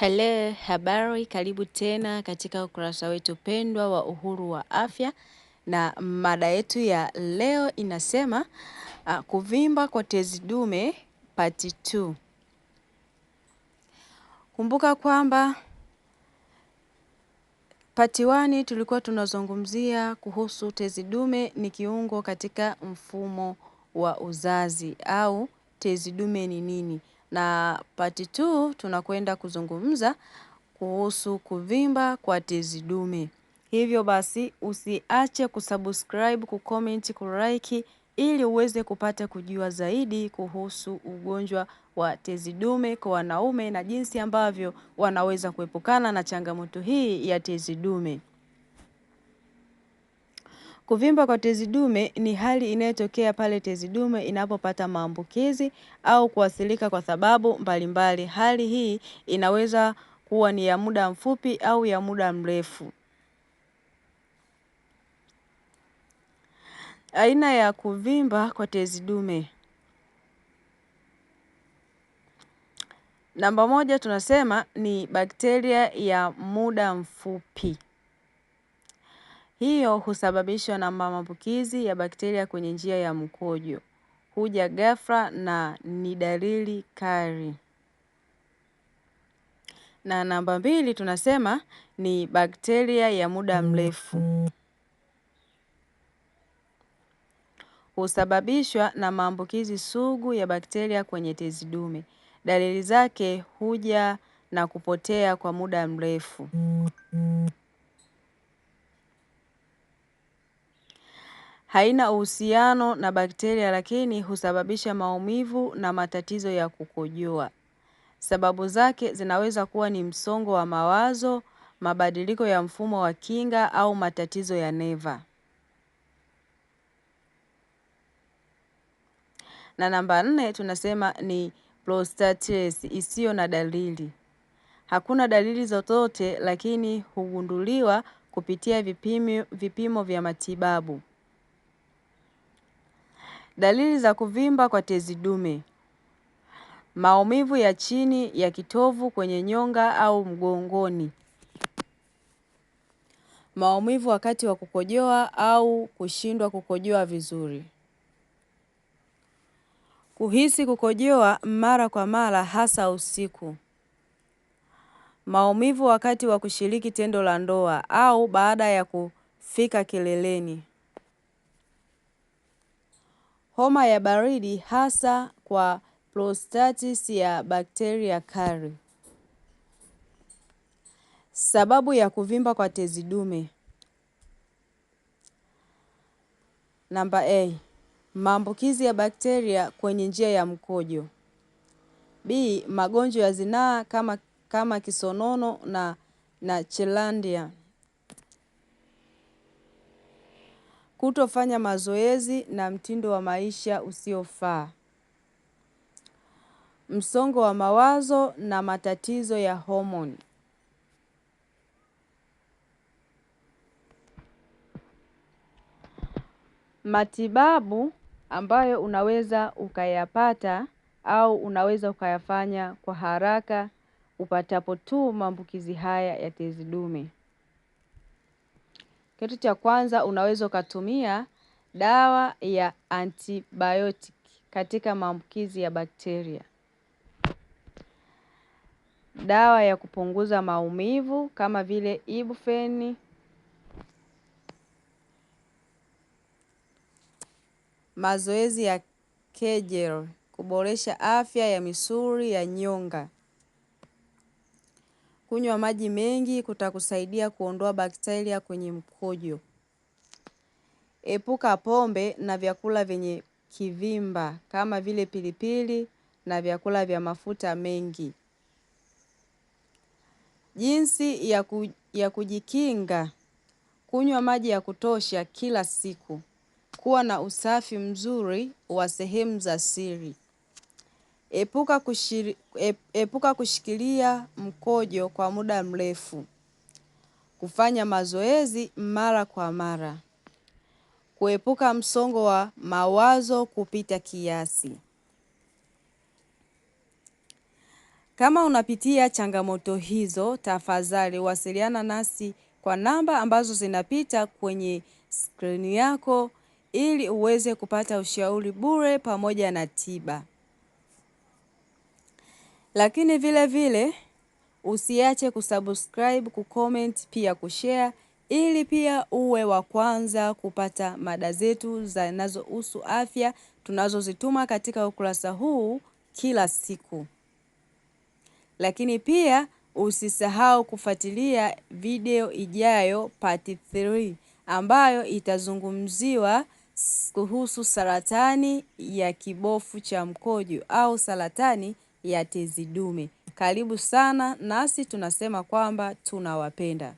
Hello, habari, karibu tena katika ukurasa wetu pendwa wa Uhuru wa Afya, na mada yetu ya leo inasema uh, kuvimba kwa tezi dume part 2. Kumbuka kwamba part 1 tulikuwa tunazungumzia kuhusu tezi dume ni kiungo katika mfumo wa uzazi au tezi dume ni nini? na pati tu tunakwenda kuzungumza kuhusu kuvimba kwa tezi dume. Hivyo basi usiache kusubscribe, kucomment, kulike ili uweze kupata kujua zaidi kuhusu ugonjwa wa tezi dume kwa wanaume na jinsi ambavyo wanaweza kuepukana na changamoto hii ya tezi dume. Kuvimba kwa tezi dume ni hali inayotokea pale tezi dume inapopata maambukizi au kuathirika kwa sababu mbalimbali. Hali hii inaweza kuwa ni ya muda mfupi au ya muda mrefu. Aina ya kuvimba kwa tezi dume. Namba moja tunasema ni bakteria ya muda mfupi. Hiyo husababishwa na maambukizi ya bakteria kwenye njia ya mkojo, huja ghafla na ni dalili kali. Na namba mbili tunasema ni bakteria ya muda mrefu. Husababishwa na maambukizi sugu ya bakteria kwenye tezi dume. Dalili zake huja na kupotea kwa muda mrefu. Haina uhusiano na bakteria lakini husababisha maumivu na matatizo ya kukojoa. Sababu zake zinaweza kuwa ni msongo wa mawazo, mabadiliko ya mfumo wa kinga au matatizo ya neva. Na namba nne tunasema ni prostatitis isiyo na dalili. Hakuna dalili zozote lakini hugunduliwa kupitia vipimo, vipimo vya matibabu. Dalili za kuvimba kwa tezi dume: maumivu ya chini ya kitovu kwenye nyonga au mgongoni, maumivu wakati wa kukojoa au kushindwa kukojoa vizuri, kuhisi kukojoa mara kwa mara, hasa usiku, maumivu wakati wa kushiriki tendo la ndoa au baada ya kufika kileleni homa ya baridi hasa kwa prostatis ya bakteria kari. Sababu ya kuvimba kwa tezi dume. Namba A, maambukizi ya bakteria kwenye njia ya mkojo. B, magonjwa ya zinaa kama, kama kisonono na, na chelandia. kutofanya mazoezi na mtindo wa maisha usiofaa, msongo wa mawazo na matatizo ya homoni. Matibabu ambayo unaweza ukayapata au unaweza ukayafanya kwa haraka upatapo tu maambukizi haya ya tezi dume. Kitu cha kwanza unaweza ukatumia dawa ya antibiotic katika maambukizi ya bakteria. Dawa ya kupunguza maumivu kama vile Ibuprofen. Mazoezi ya kegel kuboresha afya ya misuli ya nyonga. Kunywa maji mengi kutakusaidia kuondoa bakteria kwenye mkojo. Epuka pombe na vyakula vyenye kivimba kama vile pilipili na vyakula vya mafuta mengi. Jinsi ya, ku, ya kujikinga: kunywa maji ya kutosha kila siku, kuwa na usafi mzuri wa sehemu za siri. Epuka kushiri, epuka kushikilia mkojo kwa muda mrefu. Kufanya mazoezi mara kwa mara. Kuepuka msongo wa mawazo kupita kiasi. Kama unapitia changamoto hizo, tafadhali wasiliana nasi kwa namba ambazo zinapita kwenye skrini yako ili uweze kupata ushauri bure pamoja na tiba. Lakini vile vile usiache kusubscribe, kucomment, pia kushare ili pia uwe wa kwanza kupata mada zetu zinazohusu afya tunazozituma katika ukurasa huu kila siku. Lakini pia usisahau kufuatilia video ijayo part 3 ambayo itazungumziwa kuhusu saratani ya kibofu cha mkojo au saratani ya tezi dume. Karibu sana nasi tunasema kwamba tunawapenda.